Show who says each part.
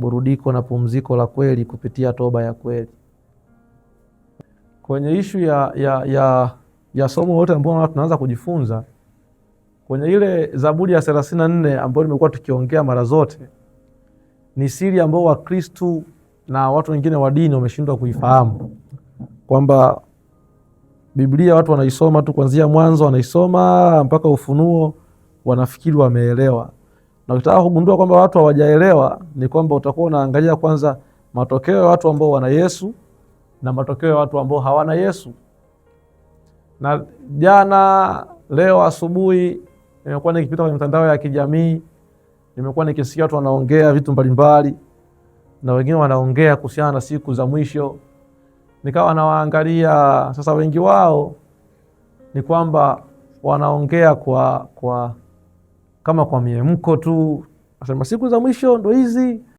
Speaker 1: burudiko na pumziko la kweli kupitia toba ya kweli. Kwenye ishu ya, ya, ya, ya somo lote ambao tunaanza kujifunza kwenye ile Zaburi ya thelathini na nne ambayo nimekuwa tukiongea mara zote, ni siri ambao Wakristu na watu wengine wa dini wameshindwa kuifahamu kwamba Biblia watu wanaisoma tu kuanzia mwanzo wanaisoma mpaka Ufunuo, wanafikiri wameelewa na ukitaka kugundua kwamba watu hawajaelewa ni kwamba utakuwa unaangalia kwanza matokeo ya watu ambao wana Yesu na matokeo ya watu ambao hawana Yesu. Na jana leo asubuhi nimekuwa nikipita kwenye mitandao ya kijamii, nimekuwa nikisikia watu wanaongea vitu mbalimbali, na wengine wanaongea kuhusiana na siku za mwisho. Nikawa nawaangalia sasa, wengi wao ni kwamba wanaongea kwa kwa kama kwa miemko tu, asema siku za mwisho ndo hizi.